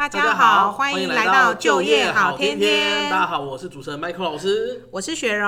大家好，歡迎來到就業好天天。天天大家好，我是主持人邁克老師，我是雪蓉。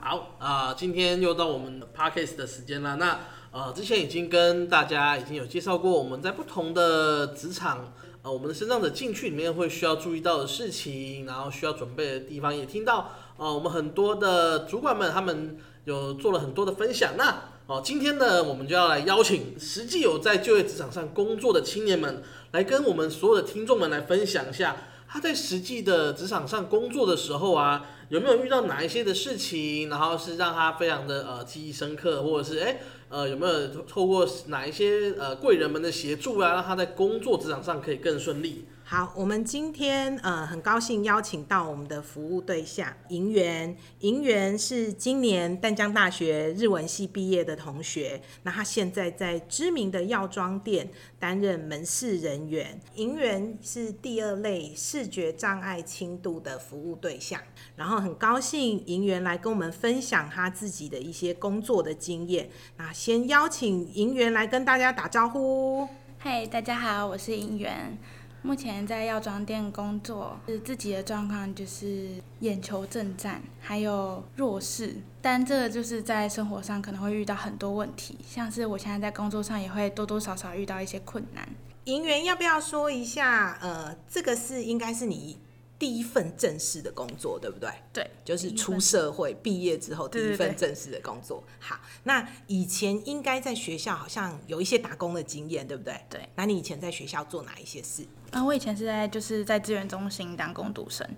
好啊，呃，今天又到我們 podcast 的時間了。那呃，之前已經跟大家已經有介紹過，我們在不同的職場呃，我們身上的進去裡面會需要注意到的事情，然後需要準備的地方，也聽到，呃、我們很多的主管們他們有做了很多的分享。那哦，呃，今天呢，我們就要來邀請實際有在就業職場上工作的青年們。來跟我們所有的聽眾們來分享一下，他在實際的職場上工作的時候啊，有沒有遇到哪一些的事情，然後是讓他非常的呃記憶深刻，或者是欸呃有沒有透過哪一些呃貴人們的協助啊，讓他在工作職場上可以更順利。好，我們今天呃很高興邀請到我們的服務對象營媛。營媛是今年淡江大學日文系畢業的同學，那他現在在知名的藥妝店擔任門市人員。營媛是第二類視覺障礙輕度的服務對象，然後很高興營媛來跟我們分享他自己的一些工作的經驗。那先邀請營媛來跟大家打招呼。嗨，hey, 大家好，我是營媛。目前在藥妝店工作，是自己的狀況就是眼球震顫，還有弱視。但這個就是在生活上可能會遇到很多問題，像是我現在在工作上也會多多少少遇到一些困難。營媛要不要說一下？呃，這個是應該是你第一份正式的工作，對不對？對，就是出社會畢業之後第一份正式的工作。對對對。好，那以前應該在學校好像有一些打工的經驗，對不對？對。那你以前在學校做哪一些事？啊、呃，我以前是在就是在資源中心當工讀生，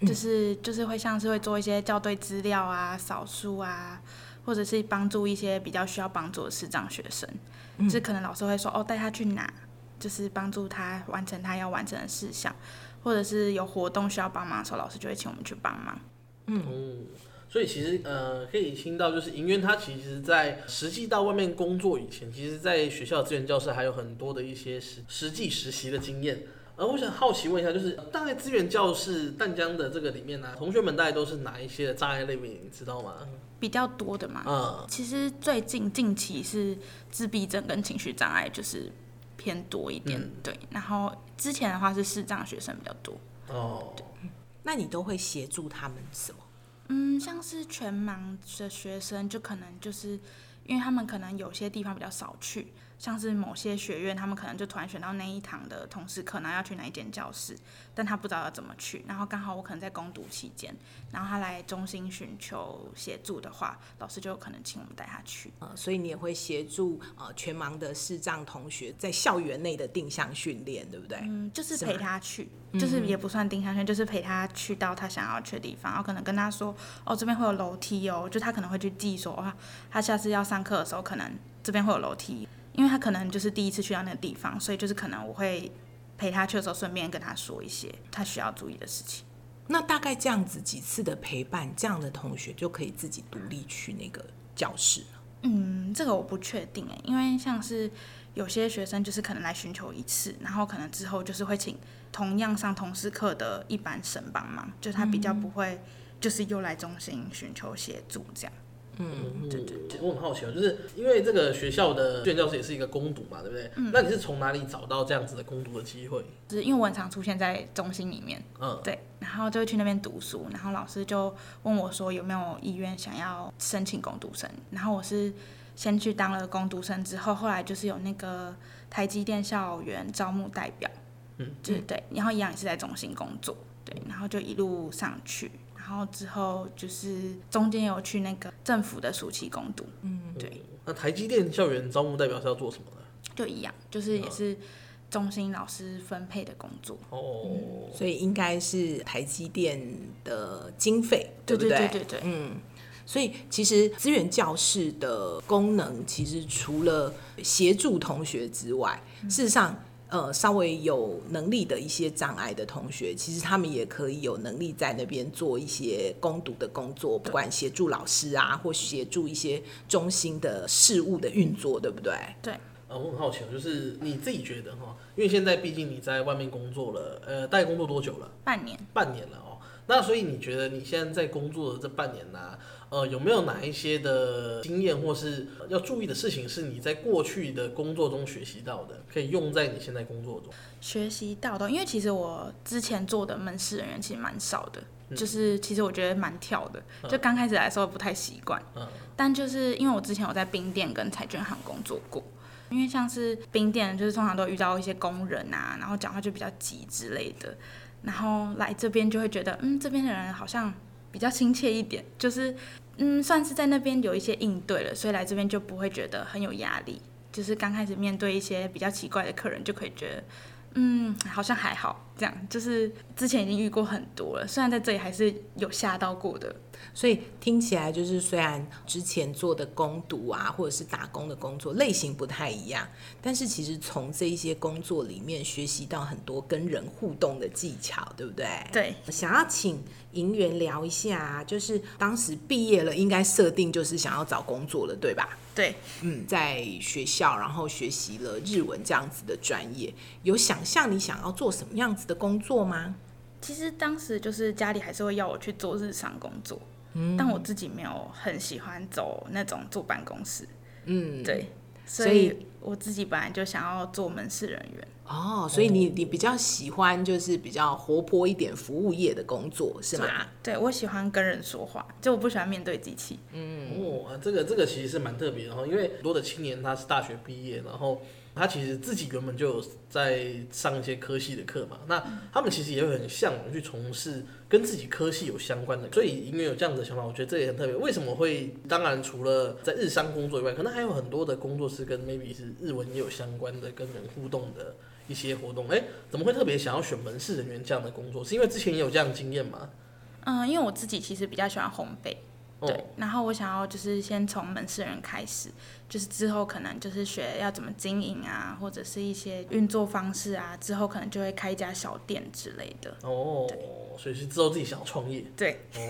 就是、嗯、就是會像是會做一些校對資料啊、掃書啊，或者是幫助一些比較需要幫助的視障學生。嗯、就是可能老師會說：“哦，帶他去哪？”就是幫助他完成他要完成的事項。或者是有活動需要幫忙的時候，老師就會請我們去幫忙。嗯，嗯，所以其實呃，可以聽到就是營媛他其實，在實際到外面工作以前，其實在學校資源教室還有很多的一些實實際實習的經驗。呃，我想好奇問一下，就是大概資源教室淡江的這個裡面呢、啊，同學們大概都是哪一些障礙類別，你知道嗎？比較多的嘛。嗯，其實最近近期是自閉症跟情緒障礙，就是。偏多一點，嗯、對。然後之前的話是視障學生比較多哦，對。那你都會協助他們什麼？嗯，像是全盲的學生，就可能就是因為他們可能有些地方比較少去。像是某些學院，他們可能就突然選到那一堂的同事可能要去哪一間教室，但他不知道要怎麼去。然後剛好我可能在攻讀期間，然後他來中心尋求協助的話，老師就有可能請我們帶他去。呃，所以你也會協助呃，全盲的視障同學在校園內的定向訓練，對不對？嗯，就是陪他去，是嗎就是也不算定向訓練，嗯，就是陪他去到他想要去的地方，然後可能跟他說，哦，這邊會有樓梯哦，就他可能會去記說，哦，他下次要上課的時候，可能這邊會有樓梯。因為他可能就是第一次去到那個地方，所以就是可能我會陪他去的時候，順便跟他說一些他需要注意的事情。那大概這樣子幾次的陪伴，這樣的同學就可以自己獨立去那個教室。嗯，這個我不確定哎，因為像是有些學生就是可能來尋求一次，然後可能之後就是會請同樣上同事課的一般生幫忙，就是他比較不會就是又來中心尋求協助這樣。嗯，對對，對，我很好奇，就是因為這個學校的助教師也是一個工讀嘛，對不對？嗯，那你是從哪裡找到這樣子的工讀的機會？就是因為我很常出現在中心裡面，嗯，對，然後就會去那邊讀書，然後老師就問我說有沒有意願想要申請工讀生，然後我是先去當了工讀生之後，後來就是有那個台積電校園招募代表，嗯，對對，然後一樣也是在中心工作，對，然後就一路上去。然後之後就是中間有去那個政府的暑期工讀，嗯，對。嗯、那台積電校園招募代表是要做什麼呢？就一樣，就是也是中心老師分配的工作。嗯、哦，嗯、所以應該是台積電的經費，對不對？對,對對對對。嗯，所以其實資源教室的功能，其實除了協助同學之外，嗯、事實上。呃，稍微有能力的一些障礙的同學，其實他們也可以有能力在那邊做一些工讀的工作，不管協助老師啊，或協助一些中心的事務的運作，對不對？對。呃，我很好奇，就是你自己覺得，因為現在畢竟你在外面工作了，呃，大概工作多久了？半年。半年了。那所以你覺得你現在在工作的這半年呢、啊，呃，有沒有哪一些的經驗或是要注意的事情，是你在過去的工作中學習到的，可以用在你現在工作中？學習到的，因為其實我之前做的門市人員其實蠻少的，嗯、就是其實我覺得蠻跳的，就剛開始來的時候不太習慣。嗯。但就是因為我之前有在冰店跟彩券行工作過，因為像是冰店就是通常都遇到一些工人啊，然後講話就比較急之類的。然後來這邊就會覺得，嗯，這邊的人好像比較親切一點，就是，嗯，算是在那邊有一些應對了，所以來這邊就不會覺得很有壓力，就是剛開始面對一些比較奇怪的客人，就可以覺得。嗯，好像還好，這樣就是之前已經遇過很多了，雖然在這裡還是有嚇到過的。所以聽起來就是，雖然之前做的工讀啊，或者是打工的工作類型不太一樣，但是其實從這一些工作裡面學習到很多跟人互動的技巧，對不對？對，想要請營媛聊一下啊，就是當時畢業了，應該設定就是想要找工作了，對吧？對，嗯，在學校然後學習了日文這樣子的專業，有想象你想要做什麼樣子的工作嗎？其實當時就是家裡還是會要我去做日常工作，嗯，但我自己沒有很喜歡走那種坐辦公室，嗯，對，所以我自己本來就想要做門市人員。哦，所以你你比較喜歡就是比較活潑一點服務業的工作是嗎？對，我喜歡跟人說話，就我不喜歡面對機器。嗯哦、啊，這個這個其實是蠻特別的哈，因為很多的青年他是大學畢業，然後他其實自己原本就有在上一些科系的課嘛，那他們其實也會很嚮往去從事跟自己科系有相關的，所以因為有這樣的想法，我覺得這也很特別。為什麼會？當然除了在日商工作以外，可能還有很多的工作是跟 maybe 是日文也有相關的，跟人互動的。一些活動，誒、欸，怎麼會特別想要選門市人員這樣的工作？是因為之前也有這樣的經驗嗎？嗯，因為我自己其實比較喜歡烘焙，哦、對，然後我想要就是先從門市人開始，就是之後可能就是學要怎麼經營啊，或者是一些運作方式啊，之後可能就會開一家小店之類的。哦，對所以是之後自己想要創業？對，哦、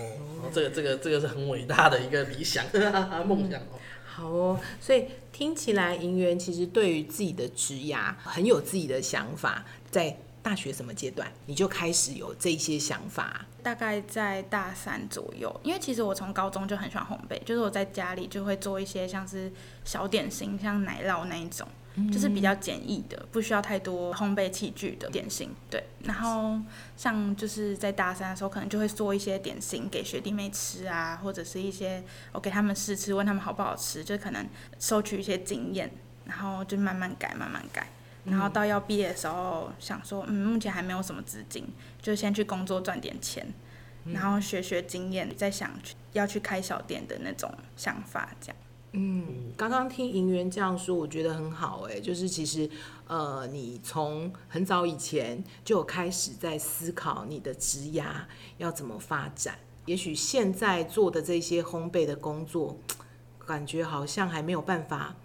這個，這個這個這個是很偉大的一個理想，夢 想、哦嗯好哦，所以聽起來營媛其實對於自己的職涯很有自己的想法。在大學什麼階段你就開始有這些想法？大概在大三左右，因為其實我從高中就很喜歡烘焙，就是我在家裡就會做一些像是小點心，像奶酪那一種。就是比較簡易的，不需要太多烘焙器具的點心，對。然後像就是在大三的時候，可能就會做一些點心給學弟妹吃啊，或者是一些我給、OK，他們試吃，問他們好不好吃，就可能收取一些經驗，然後就慢慢改，慢慢改。然後到要畢業的時候，想說，嗯，目前還沒有什麼資金，就先去工作賺點錢，然後學學經驗，再想去要去開小店的那種想法，這樣。嗯，剛剛聽營媛這樣說，我覺得很好哎、欸。就是其實，呃，你從很早以前就有開始在思考你的職涯要怎麼發展。也許現在做的這些烘焙的工作，感覺好像還沒有辦法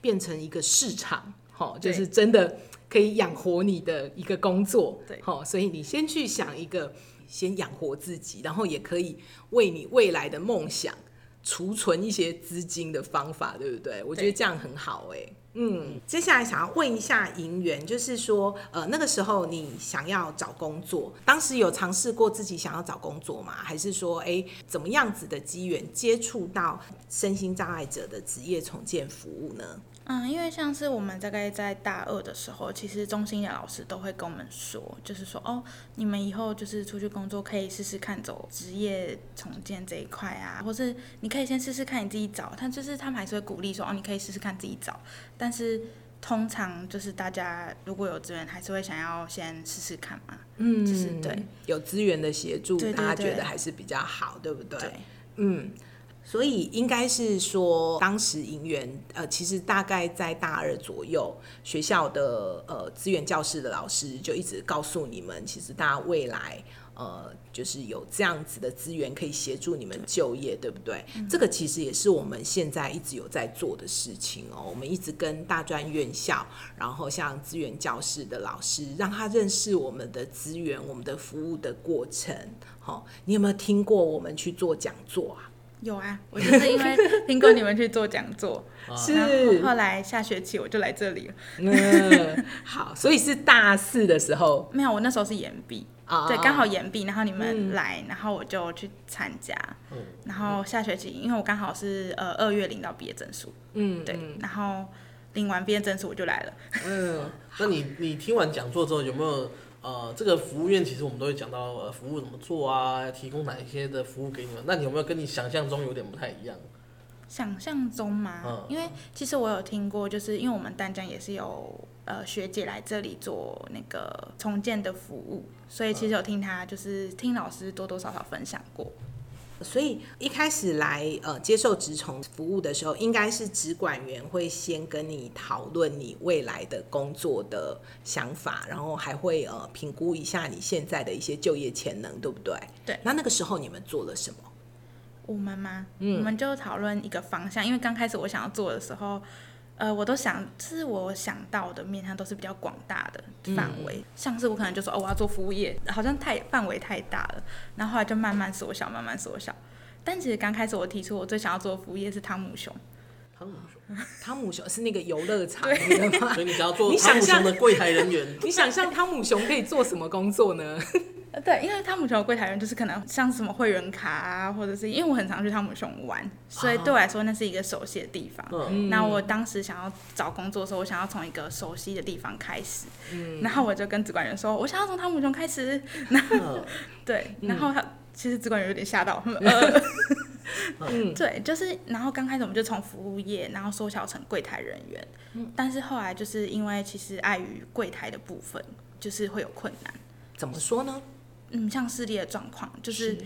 變成一個市場，對哦、就是真的可以養活你的一個工作，對、哦，所以你先去想一個，先養活自己，然後也可以為你未來的夢想。儲存一些資金的方法，對不對？對，我覺得這樣很好誒、欸，嗯，嗯，接下來想要問一下營媛，就是說，呃，那個時候你想要找工作，當時有嘗試過自己想要找工作嗎？還是說，哎，怎麼樣子的機緣接觸到身心障礙者的職業重建服務呢？嗯，因為像是我們大概在大二的時候，其實中心的老師都會跟我們說，就是說哦，你們以後就是出去工作，可以試試看走職業重建這一塊啊，或是你可以先試試看你自己找，但就是他們還是會鼓勵說哦，你可以試試看自己找，但是通常就是大家如果有資源，還是會想要先試試看嘛。嗯，就是，對，有資源的協助，對對對對，大家覺得還是比較好，對不對？對。嗯。所以應該是說，當時營媛呃，其實大概在大二左右，學校的呃資源教室的老師就一直告訴你們，其實大家未來呃就是有這樣子的資源可以協助你們就業，對不對？嗯、這個其實也是我們現在一直有在做的事情哦。我們一直跟大專院校，然後像資源教室的老師，讓他認識我們的資源、我們的服務的過程。好、哦，你有沒有聽過我們去做講座啊？有啊，我就是因為聽過你們去做講座，是、 嗯、後，後來下學期我就來這裡了、嗯。 好，所以是大四的時候沒有，我那時候是延畢，啊啊啊對，剛好延畢，然後你們來，嗯、然後我就去參加，嗯、然後下學期因為我剛好是呃二月領到畢業證書，嗯，對，然後領完畢業證書我就來了。嗯，好那你你聽完講座之後有沒有？呃，這個就服員，其實我們都會講到，呃，服務怎麼做啊？提供哪一些的服務給你們？那你有沒有跟你想象中有點不太一樣？想象中嗎？嗯，因為其實我有聽過，就是因為我們淡江也是有呃學姐來這裡做那個重建的服務，所以其實有聽他，就是聽老師多多少少分享過。嗯所以一開始來呃接受職重服務的時候，應該是職管員會先跟你討論你未來的工作的想法，然後還會呃評估一下你現在的一些就業潛能，對不對？對。那那個時候你們做了什麼？我們嗎？嗯，我們就討論一個方向，因為剛開始我想要做的時候。呃，我都想，是我想到的面向都是比較廣大的範圍，嗯、像是我可能就說，哦，我要做服務業，好像太範圍太大了，然後，後來就慢慢縮小，慢慢縮小。但其實剛開始我提出我最想要做的服務業是湯姆熊，湯姆熊，嗯、湯姆熊是那個遊樂場，對所以你只要做湯姆熊的櫃檯人員， 你想象湯姆熊可以做什麼工作呢？對，因為湯姆熊櫃檯員就是可能像什麼會員卡啊，或者是因為我很常去湯姆熊玩，所以對我來說那是一個熟悉的地方。啊、那我當時想要找工作的時候，我想要從一個熟悉的地方開始。嗯、然後我就跟職管員說：“我想要從湯姆熊開始。然後”那、啊、 對，嗯、然後他其實職管員有點嚇到他們、呃。啊、嗯， 對，就是然後剛開始我們就從服務業，然後縮小成櫃檯人員。嗯、但是後來就是因為其實礙於櫃檯的部分，就是會有困難。怎麼說呢？嗯，像視力的狀況，就是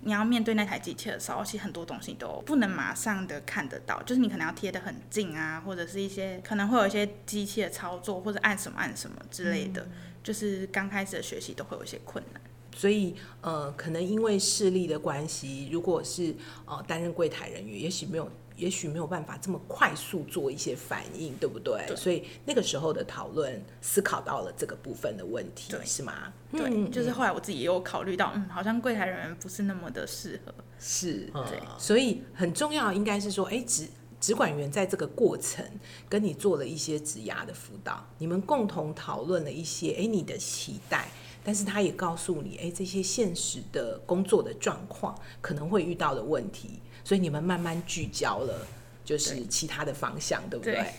你要面對那台機器的時候，其實很多東西都不能馬上的看得到，就是你可能要貼得很近啊，或者是一些可能會有一些機器的操作或者按什麼按什麼之類的，嗯、就是剛開始的學習都會有一些困難。所以呃，可能因為視力的關係，如果是呃擔任櫃台人員，也許沒有。也許沒有辦法這麼快速做一些反應，對不對？對所以那個時候的討論思考到了這個部分的問題，對是嗎？對，嗯、就是後來我自己也有考慮到，嗯，好像櫃台人員不是那麼的適合，是，對。嗯、所以很重要應該是說，哎、欸，職職管員在這個過程跟你做了一些職涯的輔導，你們共同討論了一些，哎、欸，你的期待，但是他也告訴你，哎、欸，這些現實的工作的狀況可能會遇到的問題。所以你們慢慢聚焦了，就是其他的方向，對，對不對？對對，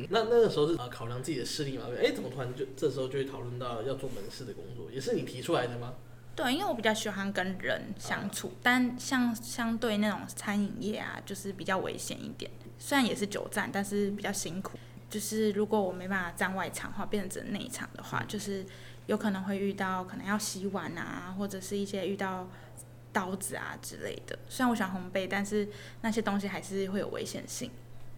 嗯。那那個時候是考量自己的視力嘛？哎、欸，怎麼突然就這時候就會討論到要做門市的工作，也是你提出來的嗎？對，因為我比較喜歡跟人相處，啊、但像相對那種餐飲業啊，就是比較危險一點，雖然也是久站，但是比較辛苦。就是如果我沒辦法站外場的話，變成只能內場的話，就是有可能會遇到可能要洗碗啊，或者是一些遇到，刀子啊之類的，雖然我想烘焙，但是那些東西還是會有危險性，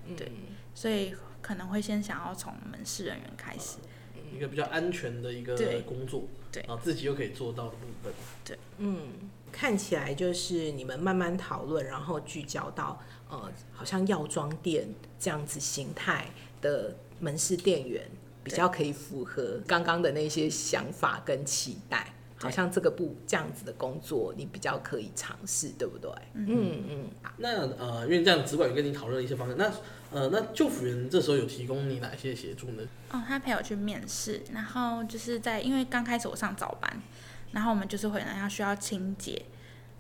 嗯、對，所以可能會先想要從門市人員開始，呃嗯、對一個比較安全的一個工作，對，啊，然後自己又可以做到的部分，對，嗯。看起來就是你們慢慢討論，然後聚焦到呃，好像藥妝店這樣子形態的門市店員比較可以符合剛剛的那些想法跟期待。好像這個部這樣子的工作，你比較可以嘗試，對不對？嗯嗯。嗯那呃，因為這樣主管跟你討論了一些方面。那呃，那就服員這時候有提供你哪些協助呢？哦，他陪我去面試，然後就是在因為剛開始我上早班，然後我們就是回來要需要清潔，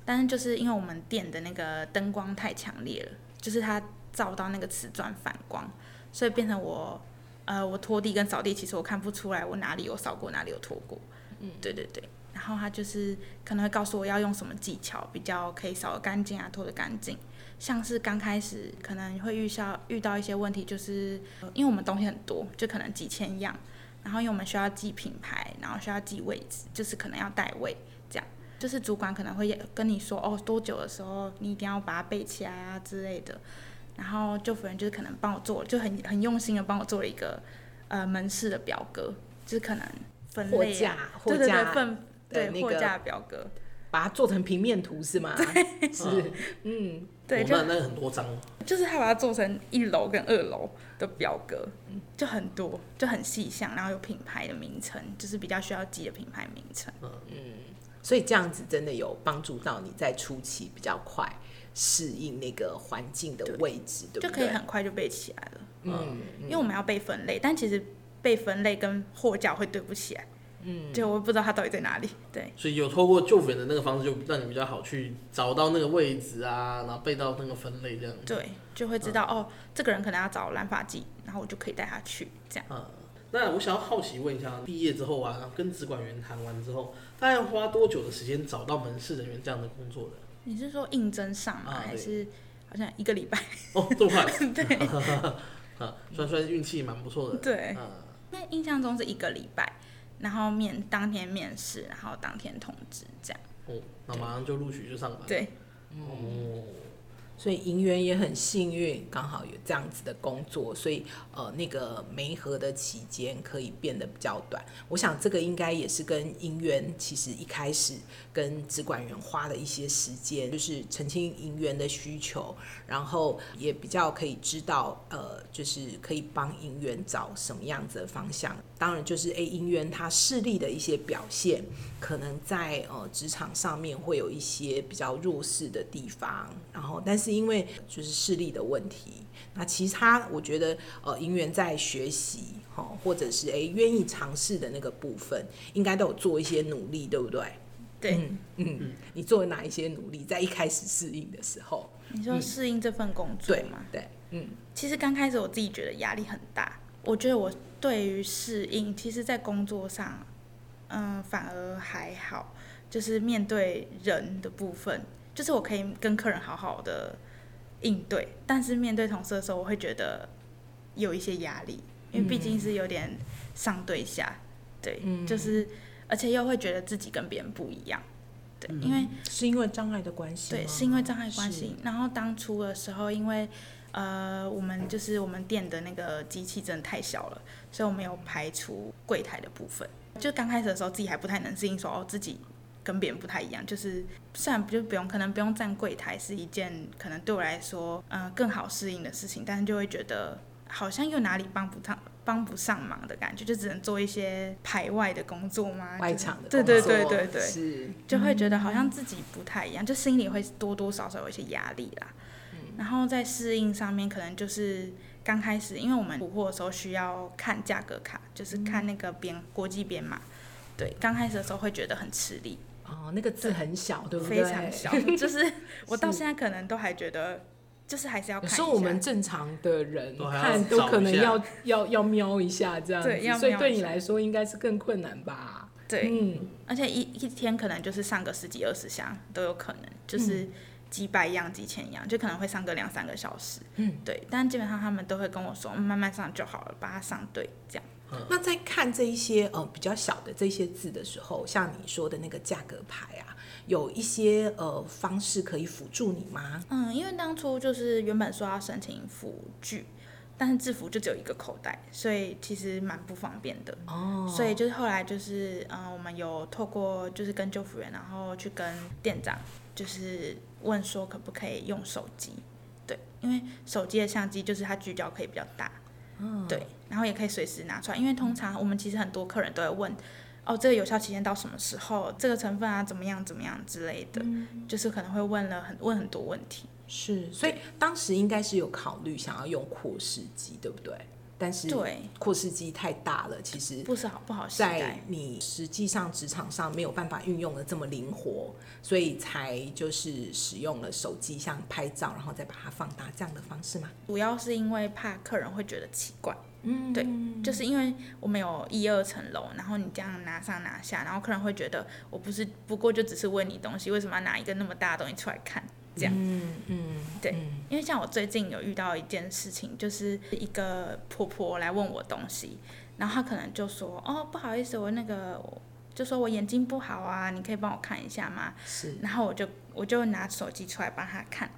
但是就是因為我們店的那個燈光太強烈了，就是它照到那個瓷磚反光，所以變成我呃，我拖地跟掃地，其實我看不出來我哪裡有掃過，哪裡有拖過。嗯，對對對。然後他就是可能會告訴我要用什麼技巧比較可以掃得乾淨啊，拖得乾淨。像是剛開始可能會遇到遇到一些問題，就是、呃、因為我們東西很多，就可能幾千樣。然後因為我們需要記品牌，然後需要記位,位置，就是可能要帶位這樣。就是主管可能會跟你說哦，多久的時候你一定要把它背起來啊之類的。然後就服員就是可,可能幫我做，就很很用心的幫我做了一個呃門市的表格，就是可能分類貨架貨架對對對分。對貨、那個、架表格，把它做成平面圖是嗎？對，嗯、是，嗯，對，喔、就那、那很多張，就是他把它做成一樓跟二樓的表格、嗯，就很多，就很細項，然後有品牌的名稱，就是比較需要記的品牌名稱。嗯，所以這樣子真的有幫助到你在初期比較快適應那個環境的位置，對，對對就可以很快就背起來了。嗯，因為我們要背分類，嗯、但其實背分類跟貨架會對不起來。嗯，就我不知道他到底在哪裡。對，所以有透過救粉的那個方式，就讓你比較好去找到那個位置啊，然後背到那個分類這樣。對，就會知道、啊、哦，這個人可能要找染髮劑，然後我就可以帶他去這樣。嗯、啊，那我想要好奇問一下，畢業之後啊，跟職管員談完之後，大概要花多久的時間找到門市人員這樣的工作的？你是說應徵上嗎？啊、還是好像一個禮拜？哦，這麼快？ 對 啊，算算運氣蠻不錯的。嗯、對，嗯，因為印象中是一個禮拜。然後面當天面試，然後當天通知這樣。哦，那馬上就錄取就上班。對，嗯、哦。所以營媛也很幸運，剛好有這樣子的工作，所以呃那個媒合的期間可以變得比較短。我想這個應該也是跟營媛其實一開始跟職管員花的一些時間，就是澄清營媛的需求，然後也比較可以知道呃就是可以幫營媛找什麼樣子的方向。當然就是哎營媛他視力的一些表現，可能在呃職場上面會有一些比較弱勢的地方，然後但是。是因為就是視力的問題，那其他我覺得呃，營媛在學習哈、喔，或者是誒，願、欸、意嘗試的那個部分，應該都有做一些努力，對不對？對，嗯嗯，嗯嗯，你做了哪一些努力？在一開始適應的時候，你說適應這份工作嗎對嗎？對，嗯，其實剛開始我自己覺得壓力很大，我覺得我對於適應，其實，在工作上，嗯、呃，反而還好，就是面對人的部分。就是我可以跟客人好好的應對，但是面對同事的時候，我會覺得有一些壓力，因為畢竟是有點上對下，嗯、對，就是而且又會覺得自己跟別人不一樣，對，嗯、因為是因為障礙的關係，對，是因為障礙關係。是然後當初的時候，因為呃，我們就是我們店的那個機器真的太小了，所以我們有排除櫃檯的部分，就剛開始的時候自己還不太能適應說，說哦自己。跟別人不太一樣，就是雖然不就不用，可能不用站櫃台是一件可能對我來說，嗯、呃，更好適應的事情，但是就會覺得好像又哪裡幫不上幫不上忙的感覺，就只能做一些排外的工作嗎？外場的工作，對對對對對，是，就會覺得好像自己不太一樣，就心裡會多多少少有一些壓力啦。嗯、然後在適應上面，可能就是剛開始，因為我們補貨的時候需要看價格卡，就是看那個編、嗯、國際編碼，對，剛開始的時候會覺得很吃力。哦，那個字很小，對，對不對？非常小，就是我到現在可能都還覺得，是就是還是要看一下。說我們正常的人看都可能要對要要，要瞄一下這樣，對，要瞄。對你來說應該是更困難吧？對，嗯，而且一一天可能就是上個十幾二十下都有可能，就是幾百樣幾千樣，就可能會上個兩三個小時，嗯，對。但基本上他們都會跟我說，慢慢上就好了，把它上對這樣。那在看這一些呃比較小的這些字的時候，像你說的那個價格牌啊，有一些呃方式可以輔助你嗎？嗯，因為當初就是原本說要申請輔具，但是制服就只有一個口袋，所以其實蠻不方便的。哦，oh. 所以就是後來就是嗯、呃，我們有透過就是跟就服員，然後去跟店長，就是問說可不可以用手機？對，因為手機的相機就是它聚焦可以比較大。嗯，oh. 對。然後也可以隨時拿出來，因為通常我們其實很多客人都會問，哦，這個有效期限到什麼時候？這個成分啊，怎麼樣怎麼樣之類的，嗯、就是可能會問了很問很多問題。是，對所以當時應該是有考慮想要用擴視機，對不對？但是對擴視機太大了，其實不是好不好在你實際上職場上沒有辦法運用得這麼靈活，所以才就是使用了手機，像拍照然後再把它放大這樣的方式嘛。主要是因為怕客人會覺得奇怪。嗯，對，就是因為我們有一二層樓，然後你這樣拿上拿下，然後客人會覺得我不是不過就只是問你東西，為什麼要拿一個那麼大的東西出來看？這樣，嗯，嗯對，嗯因為像我最近有遇到一件事情，就是一個婆婆來問我東西，然後她可能就說，哦，不好意思，我那個就說我眼睛不好啊，你可以幫我看一下嗎？是，然後我就我就拿手機出來幫她看。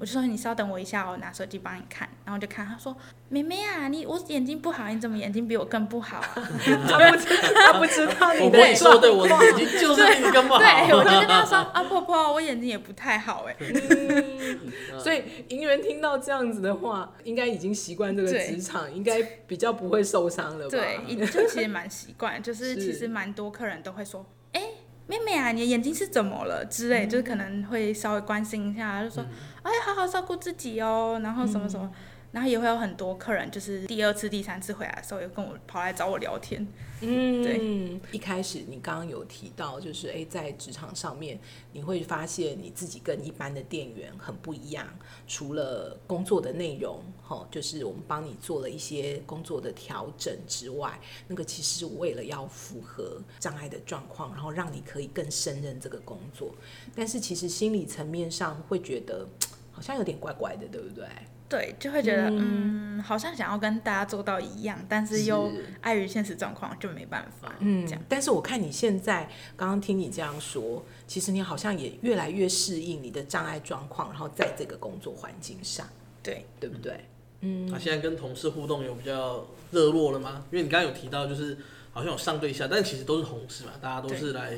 我就說，你稍等我一下，我拿手機幫你看，然後就看。他說：“妹妹啊，你我眼睛不好，你怎麼眼睛比我更不好啊？”我不知道，你不知道你，你說的我。我說，對我的眼睛就是你更不好對。對，我就跟他說：“ 啊，婆婆，我眼睛也不太好哎。 嗯”所以營媛聽到這樣子的話，應該已經習慣這個職場，對應該比較不會受傷了吧？對，就其實蠻習慣，就是其實蠻多客人都會說：“哎是、欸，妹妹啊，你的眼睛是怎麼了？”之類，嗯、就是可能會稍微關心一下，就說。嗯會好好照顧自己哦。然後什麼什麼，嗯、然後也會有很多客人，就是第二次、第三次回來的時候，又跟我跑來找我聊天。嗯，對。一開始你剛剛有提到，就是、欸、在職場上面，你會發現你自己跟一般的店員很不一樣。除了工作的內容，哈，就是我們幫你做了一些工作的調整之外，那個其實是為了要符合障礙的狀況，然後讓你可以更勝任這個工作。但是其實心理層面上會覺得。好像有點怪怪的，對不對？對，就會覺得嗯，嗯，好像想要跟大家做到一樣，是。但是又礙於現實狀況，就沒辦法，嗯。這樣。但是我看你現在剛剛聽你這樣說，其實你好像也越來越適應你的障礙狀況，然後在這個工作環境上，對對不對？嗯。嗯啊，現在跟同事互動有比較熱絡了嗎？因為你剛剛有提到，就是好像有上對下，但其實都是同事嘛，大家都是來。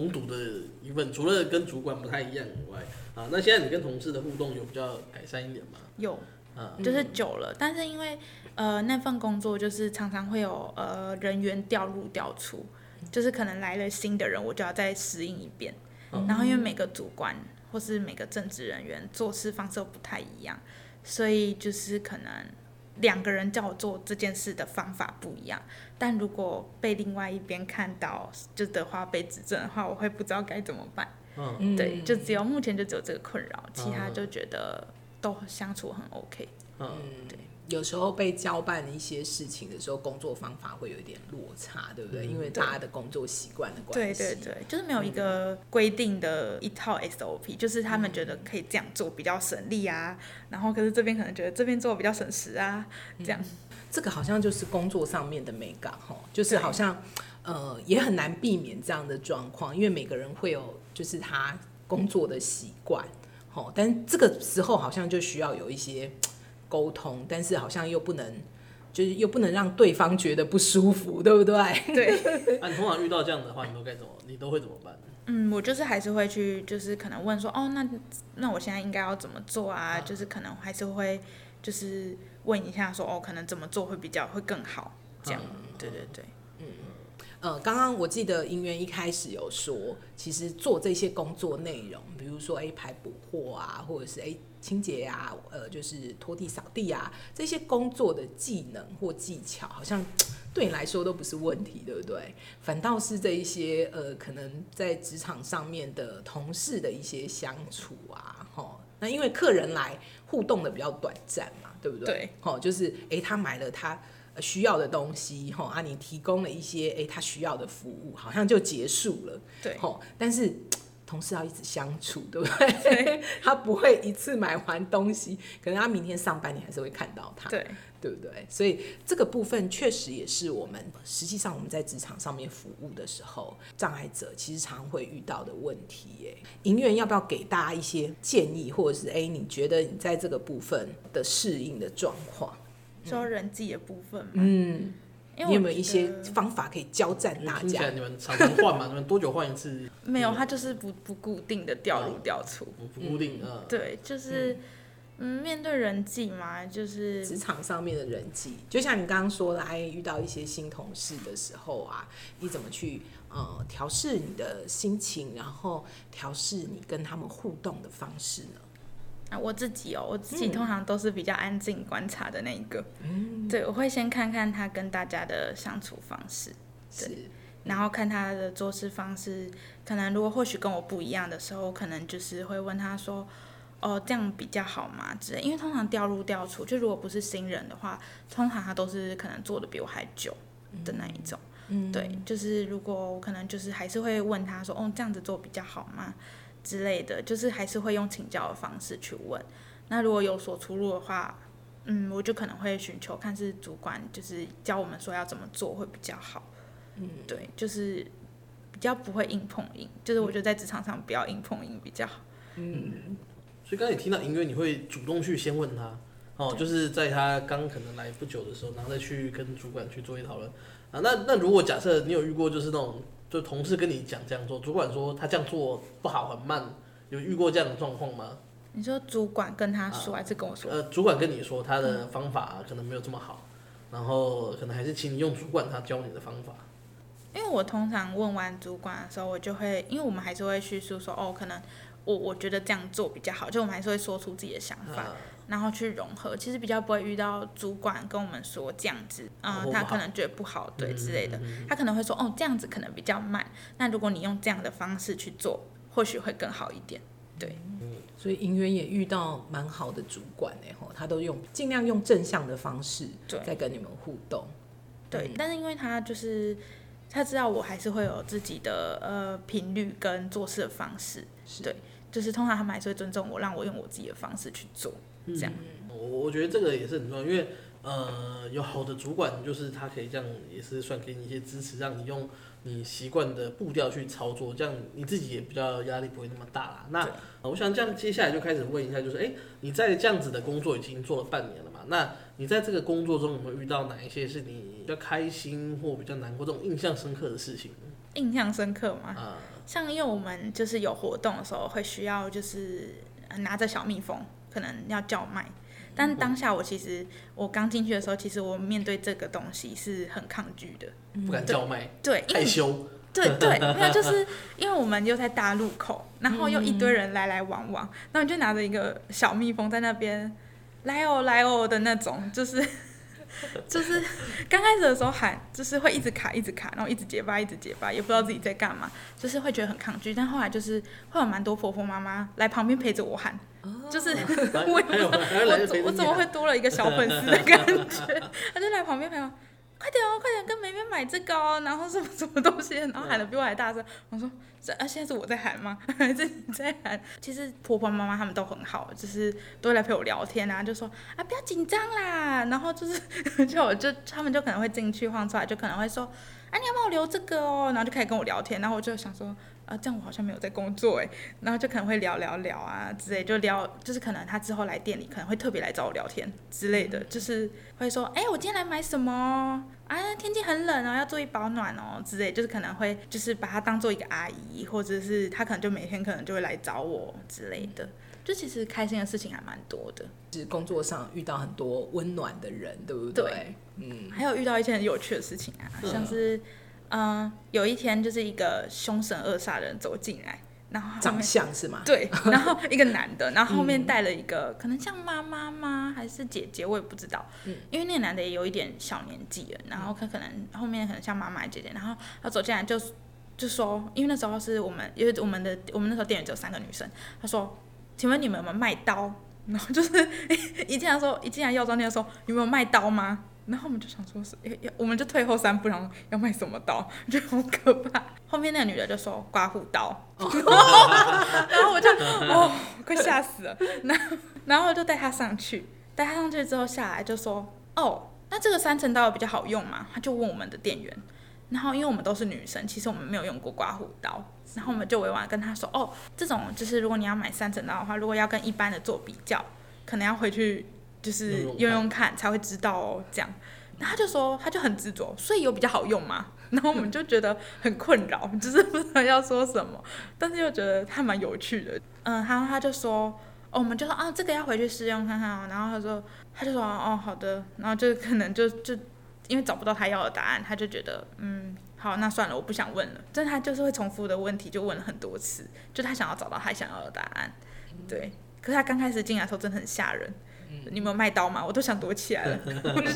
工讀的一份，除了跟主管不太一樣以外，啊，那現在你跟同事的互動有比較改善一點嗎？有，啊、嗯，就是久了，但是因為呃，那份工作就是常常會有呃人員調入調出，就是可能來了新的人，我就要再適應一遍，嗯、然後因為每個主管或是每個正職人員做事方式不太一樣，所以就是可能。兩個人叫我做這件事的方法不一樣，但如果被另外一邊看到就的話被指正的話，我會不知道該怎麼辦。嗯，對，就只有目前就只有這個困擾，其他就覺得都相處很 OK。嗯，對。有時候被交辦一些事情的時候，工作方法會有一點落差，對不對？嗯，因為大家的工作習慣的關係，對對對，就是沒有一個規定的一套 SOP，嗯，就是他們覺得可以這樣做比較省力啊，然後可是這邊可能覺得這邊做比較省時啊，這樣，這個好像就是工作上面的美感哦，就是好像對，呃也很難避免這樣的狀況，因為每個人會有就是他工作的習慣，哦。但這個時候好像就需要有一些。溝通，但是好像又不能，就是又不能讓對方覺得不舒服，對不對？對。啊，你通常遇到這樣的話，你都該怎麼？你都會怎麼辦？嗯，我就是還是會去，就是可能問說，哦，那那我現在應該要怎麼做啊？就是可能還是會，就是問一下說，哦，可能怎麼做會比較會更好，這樣，對對對。呃，剛剛我記得營媛一開始有說，其實做這些工作內容，比如說哎排補貨啊，或者是哎清潔啊，呃，就是拖地、掃地啊，這些工作的技能或技巧，好像對你來說都不是問題，對不對？反倒是這一些呃，可能在職場上面的同事的一些相處啊，吼，那因為客人來互動的比較短暫嘛，對不對？對，吼，就是哎、欸，他買了他。需要的東西，吼、啊，你提供了一些，哎、欸，他需要的服務，好像就結束了，對，吼，但是同事要一直相處，對不對？他不會一次買完東西，可能他明天上班，你還是會看到他，對，對不對？所以這個部分確實也是我們，實際上我們在職場上面服務的時候，障礙者其實常會遇到的問題。耶，營媛要不要給大家一些建議，或者是哎、欸，你覺得你在這個部分的適應的狀況？說人際的部分嘛，嗯，你有沒有一些方法可以交戰大家？呃、你們常常換嘛？ 你們多久換一次？沒有，他就是不不固定的調入調出，不不固定。嗯，嗯對，就是嗯，面對人際嘛，就是職場上面的人際，就像你剛剛說的，哎，遇到一些新同事的時候啊，你怎麼去呃調適你的心情，然後調適你跟他們互動的方式呢？啊，我自己哦，我自己通常都是比較安靜觀察的那一個。嗯、對，我會先看看他跟大家的相處方式，對是，然後看他的做事方式，可能如果或許跟我不一樣的時候，可能就是會問他說，哦，這樣比較好嗎之類？因為通常調入調出，就如果不是新人的話，通常他都是可能做得比我還久的那一種。嗯、對，就是如果我可能就是還是會問他說，哦，這樣子做比較好嗎？之類的，就是還是會用請教的方式去問。那如果有所出入的話，嗯，我就可能會尋求看是主管就是教我們說要怎麼做會比較好。嗯，對，就是比較不會硬碰硬，就是我覺得在職場上不要硬碰硬比較好。嗯，嗯，所以剛才你聽到音樂，你會主動去先問他，哦，對就是在他剛可能來不久的時候，然後再去跟主管去做一討論啊。那，那如果假設你有遇過，就是那種。就同事跟你講這樣做，主管說他這樣做不好，很慢，有遇過這樣的狀況嗎？你說主管跟他說，還是跟我說、啊？呃，主管跟你說他的方法、啊嗯、可能沒有這麼好，然後可能還是請你用主管他教你的方法。因為我通常問完主管的時候，我就會，因為我們還是會敘述說，哦，可能我我覺得這樣做比較好，就我們還是會說出自己的想法。啊。然後去融合，其實比較不會遇到主管跟我們說這樣子，啊、哦呃。他可能覺得不好，哦、對、嗯、之類的，他可能會說，哦，這樣子可能比較慢，那如果你用這樣的方式去做，或許會更好一點，對，嗯、所以營媛也遇到蠻好的主管然後、哦、他都用盡量用正向的方式在跟你們互動，對，嗯、對，但是因為他就是他知道我還是會有自己的呃頻率跟做事的方式，是對，就是通常他們還是會尊重我，讓我用我自己的方式去做。嗯、這樣，我我覺得這個也是很重要，因為呃，有好的主管，就是他可以這樣，也是算給你一些支持，讓你用你習慣的步調去操作，這樣你自己也比較壓力不會那麼大啦。那對我想這樣接下來就開始問一下，就是誒對，你在這樣子的工作已經做了半年了嘛？那你在這個工作中有沒有遇到哪一些是你比較開心或比較難過這種印象深刻的事情？印象深刻嗎？啊、呃，像因為我們就是有活動的時候會需要就是拿着小蜜蜂。可能要叫賣，但當下我其實我剛進去的時候，其實我面對這個東西是很抗拒的，不敢叫賣，對，因為害羞， 對對，沒有，就是因為我們又在大路口，然後又一堆人來來往往，嗯、然後就拿着一個小蜜蜂在那邊來哦來哦的那種，就是就是剛開始的時候喊，就是會一直卡一直卡，然後一直結巴一直結巴，也不知道自己在幹嘛，就是會覺得很抗拒，但後來就是會有蠻多婆婆媽媽來旁邊陪着我喊。就是我我我怎麼會多了一個小粉絲的感覺？他就在旁邊陪我，快點哦，快點跟妹妹買這個哦、喔，然後什麼什麼東西，然後喊得比我還大聲。我說這啊，現在是我在喊嗎？還是你在喊？其實婆婆媽媽他們都很好，就是都會來陪我聊天啊，就說啊不要緊張啦，然後就是就我就他們就可能會進去晃出來，就可能會說啊你要幫我留這個哦、喔，然後就開始跟我聊天，然後我就想說。啊，這樣我好像沒有在工作哎，然後就可能會聊聊聊啊之類，就聊就是可能他之後來店裡，可能會特別來找我聊天之類的，就是會說，哎、欸，我今天來買什麼？啊，天氣很冷哦，要注意保暖哦之類，就是可能會就是把他當做一個阿姨，或者是他可能就每天可能就會來找我之類的，就其實開心的事情還蠻多的，就是工作上遇到很多溫暖的人，對不對？對，嗯，還有遇到一些很有趣的事情啊，是像是。嗯，有一天就是一個兇神惡煞的人走進來，然後，後長相是嗎？對，然後一個男的， 然後後面帶了一個、嗯、可能像媽媽嗎，還是姐姐，我也不知道。嗯，因為那個男的也有一點小年紀了，然後他可能、嗯、後面可能像媽媽姐姐，然後他走進來就就說，因為那時候是我們，因為我們的我們那時候店裡只有三個女生，他說，請問你們有沒有賣刀？然後就是一進來說一進來藥妝店的時候，你們有賣刀嗎？然後我們就想說是，要、欸、我們就退後三步，然後要買什麼刀，覺得好可怕。後面那個女的就說刮鬍刀， 然後我就哦，快嚇死了。然後然後我就帶她上去，帶她上去之後下來就說哦，那這個三層刀比較好用嘛？她就問我們的店員。然後因為我們都是女生，其實我們沒有用過刮鬍刀。然後我們就委婉跟她說哦，這種就是如果你要買三層刀的話，如果要跟一般的做比較，可能要回去。就是用用，用用看才會知道哦，這樣，那他就說他就很執着，所以有比較好用嘛，然後我們就覺得很困擾， 就是不知道要說什麼，但是又覺得還蠻有趣的，嗯，然後他就說，哦、我們就說啊，這個要回去試用看看哦，然後他說他就說、啊、哦好的，然後就可能就就因為找不到他要的答案，他就覺得嗯，好，那算了，我不想問了，但他就是會重複的問題就問了很多次，就他想要找到他想要的答案，對，嗯、可是他剛開始進來的時候真的很嚇人。你沒有賣刀嗎？我都想躲起來了， 我就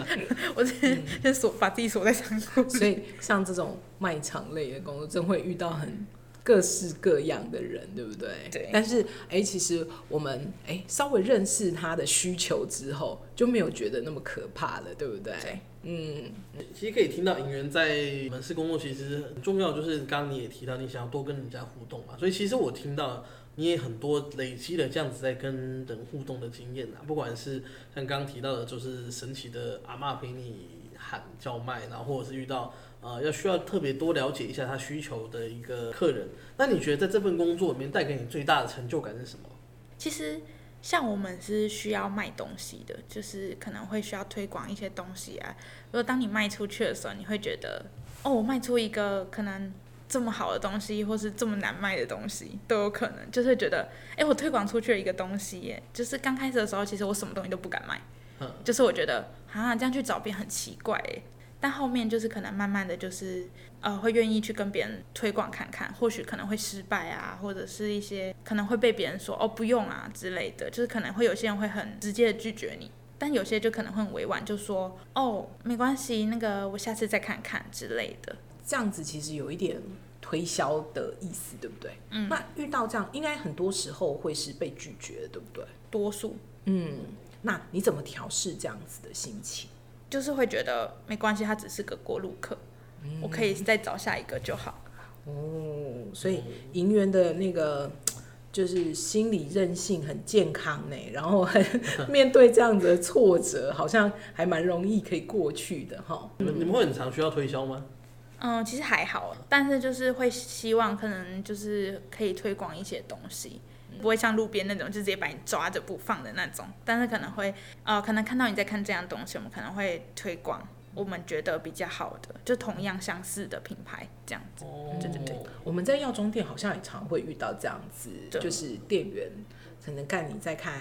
我先先鎖，把自己鎖在牆上。 嗯、所以像這種賣場類的工作，真會遇到很各式各樣的人，對不對？對。但是誒、欸，其實我們誒、欸，稍微認識他的需求之後，就沒有覺得那麼可怕了，對不對？對。嗯。其實可以聽到，營媛在門市工作其實很重要，就是剛剛你也提到，你想要多跟人家互動嘛。所以其實我聽到。你也很多累積了這樣子在跟人互動的經驗啊，不管是像剛剛提到的，就是神奇的阿媽陪你喊叫賣，然後或者是遇到呃要需要特別多了解一下他需求的一個客人。那你覺得在這份工作裡面帶給你最大的成就感是什麼？其實像我們是需要賣東西的，就是可能會需要推廣一些東西啊。如果當你賣出去的時候，你會覺得哦，我賣出一個可能。這麼好的東西，或是這麼難賣的東西都有可能，就是覺得，哎、欸，我推廣出去了一個東西，耶，就是剛開始的時候，其實我什麼東西都不敢賣，嗯，就是我覺得啊，這樣去找別人很奇怪耶，但後面就是可能慢慢的就是，呃，會願意去跟別人推廣看看，或許可能會失敗啊，或者是一些可能會被別人說哦，不用啊之類的，就是可能會有些人會很直接的拒絕你，但有些就可能會很委婉就說，哦，沒關係，那個我下次再看看之類的。這樣子其實有一點推銷的意思，對不對？嗯，那遇到這樣，應該很多時候會是被拒絕的，對不對？多數數，嗯，那你怎麼調適這樣子的心情？就是會覺得沒關係，他只是個過路客，嗯，我可以再找下一個就好。哦，所以營媛的那個、嗯、就是心理韌性很健康呢，然後面對這樣子的挫折， 好像還蠻容易可以過去的哈。你們會很常需要推銷嗎？嗯，其實還好，但是就是會希望，可能就是可以推廣一些東西，不會像路邊那種就直接把你抓着不放的那種，但是可能會，呃，可能看到你在看這樣東西，我們可能會推廣我們覺得比較好的，就同樣相似的品牌這樣子。哦。對對對。我們在藥妝店好像也常會遇到這樣子，對就是店員可能看你在看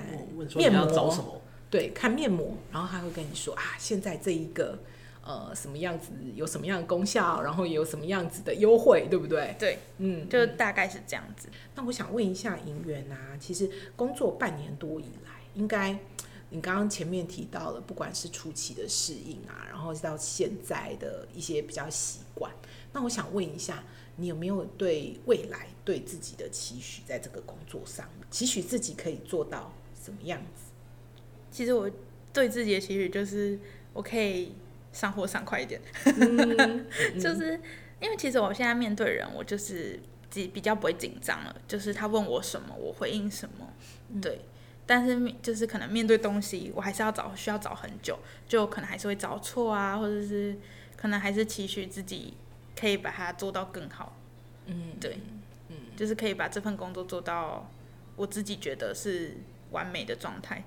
面膜，找什麼？對，看面膜，然後他會跟你說啊，現在這一個。呃，什麼樣子，有什麼樣的功效，然後也有什麼樣子的優惠，對不對？對，嗯，就大概是這樣子。嗯、那我想問一下營媛啊，其實工作半年多以來，應該你剛剛前面提到了，不管是初期的適應啊，然後到現在的一些比較習慣，那我想問一下，你有沒有對未來對自己的期許，在這個工作上，期許自己可以做到什麼樣子？其實我對自己的期許就是我可以。上貨上快一點、mm，hmm. mm hmm. 就是因為其實我現在面對人，我就是比較不會緊張了。就是他問我什麼，我回應什麼、mm，hmm. 對。但是就是可能面對東西，我還是要找，需要找很久，就可能還是會找錯啊，或者是可能還是期許自己可以把它做到更好、mm，嗯、hmm.，對，嗯，就是可以把這份工作做到我自己覺得是完美的狀態。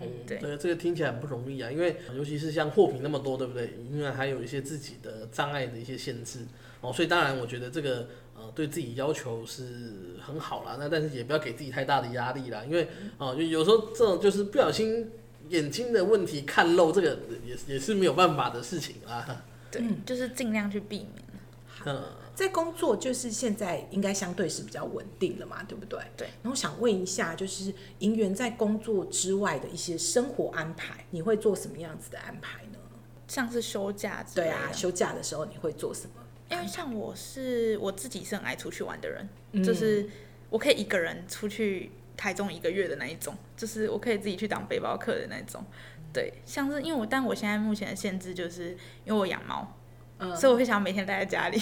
嗯，對，這個聽起來很不容易啊，因為尤其是像貨品那麼多，對不對？因為還有一些自己的障礙的一些限制哦，所以當然我覺得這個呃，對自己要求是很好啦，那但是也不要給自己太大的壓力啦，因為哦、呃，有時候這種就是不小心眼睛的問題看漏，這個也也是沒有辦法的事情啊。對、嗯，就是盡量去避免。嗯。在工作就是現在應該相對是比較穩定了嘛，對不對？對。然後想問一下，就是營媛在工作之外的一些生活安排，你會做什麼樣子的安排呢？像是休假的。對啊，休假的時候你會做什麼？因為像我是我自己是很愛出去玩的人，嗯、就是我可以一個人出去台中一個月的那一種，就是我可以自己去當背包客的那一種。嗯、對，像是因為我，但我現在目前的限制就是因為我養貓，所以我會想每天待在家裡，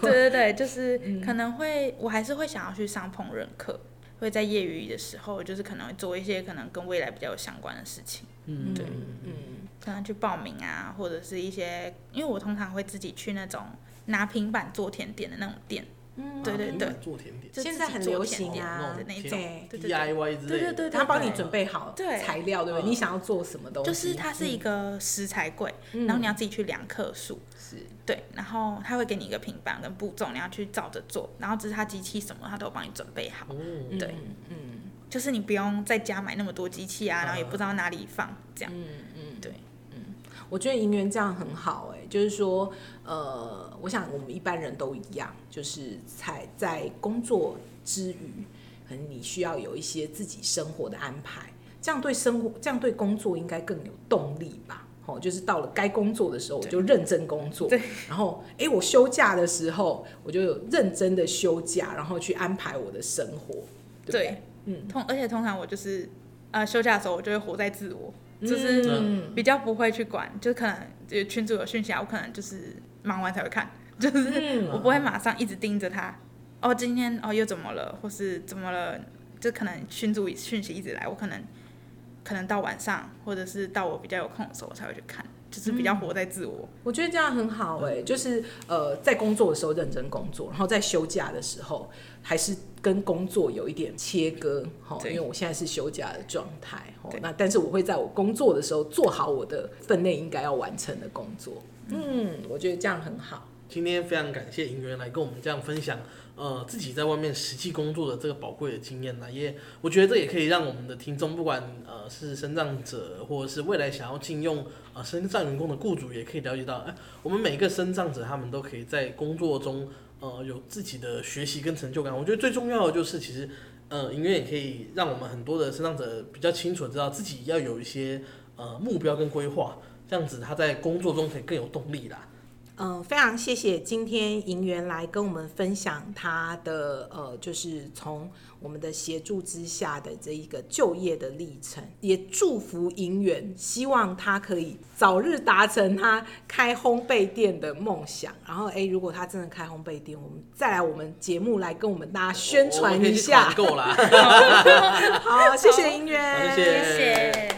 對對對，就、hmm. 是可能會，我還是會想要去上烹飪課，會在業餘的時候，就是可能會做一些可能跟未來比較有相關的事情，嗯、mm，對、hmm. yeah. yeah. right. like yeah. yeah,，嗯、uh, so right. yeah, mm，可能去報名啊，或者是一些，因為我通常會自己去那種拿平板做甜點的那種店，嗯，對對對，做甜點，現在很流行啊，那種，對對對，他幫你準備好材料，對不對？你想要做什麼東西？就是它是一個食材櫃，然後你要自己去量克數。對，然後他會給你一個平板跟步驟，你要去照着做，然後只是他機器什麼他都幫你準備好。嗯、對，嗯，就是你不用在家買那麼多機器啊，嗯、然後也不知道哪裡放，這樣。嗯嗯，對，嗯，我覺得營媛這樣很好、欸！哎，就是說，呃，我想我們一般人都一樣，就是在在工作之餘，可能你需要有一些自己生活的安排，這樣對生活，這樣對工作應該更有動力吧。哦，就是到了該工作的時候，我就認真工作。對。對，然後，哎、欸，我休假的時候，我就有認真的休假，然後去安排我的生活。對、對、對。嗯。通，而且通常我就是，呃，休假的時候，我就會活在自我，就是比較不會去管，嗯、就可能就群組，有訊息啊，我可能就是忙完才會看，就是我不會馬上一直盯着他。嗯啊、哦，今天哦又怎麼了，或是怎麼了？就可能群組訊息一直來，我可能。可能到晚上，或者是到我比較有空的時候，我才會去看，就是比較活在自我。嗯、我覺得這樣很好，哎、欸，嗯、就是呃，在工作的時候認真工作，然後在休假的時候還是跟工作有一點切割，齁，對因為我現在是休假的狀態，齁，對那但是我會在我工作的時候做好我的分內應該要完成的工作。嗯，我覺得這樣很好。今天非常感謝營媛來跟我們這樣分享。呃，自己在外面實際工作的這個寶貴的經驗呢，也我覺得這也可以讓我們的聽眾，不管呃是身障者或者是未來想要進用呃身障員工的雇主，也可以了解到，哎、呃，我們每個身障者他們都可以在工作中呃有自己的學習跟成就感。我覺得最重要的就是，其實呃，音樂也可以讓我們很多的身障者比較清楚，知道自己要有一些呃目標跟規劃，這樣子他在工作中可以更有動力啦。嗯、呃，非常謝謝今天營媛來跟我們分享他的呃，就是從我們的協助之下的這一個就業的歷程，也祝福營媛，希望他可以早日達成他開烘焙店的夢想。然後，哎、欸，如果他真的開烘焙店，我們再來我們節目來跟我們大家宣傳一下，oh, okay, 夠了。 好，謝謝營媛，謝謝，謝謝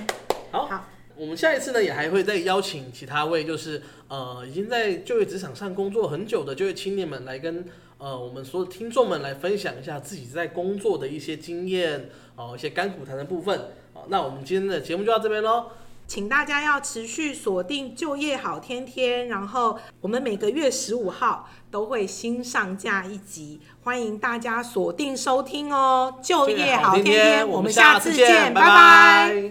好。好我們下一次呢，也還會再邀請其他位，就是呃已經在就業職場上工作很久的就業青年們，來跟呃我們所有聽眾們來分享一下自己在工作的一些經驗，好、呃，一些甘苦談的部分。好、呃，那我們今天的節目就到這邊嘍，請大家要持續鎖定就業好天天，然後我們每個月十五號都會新上架一集，歡迎大家鎖定收聽哦、喔。就業好天天，我們下次見，拜拜。拜拜。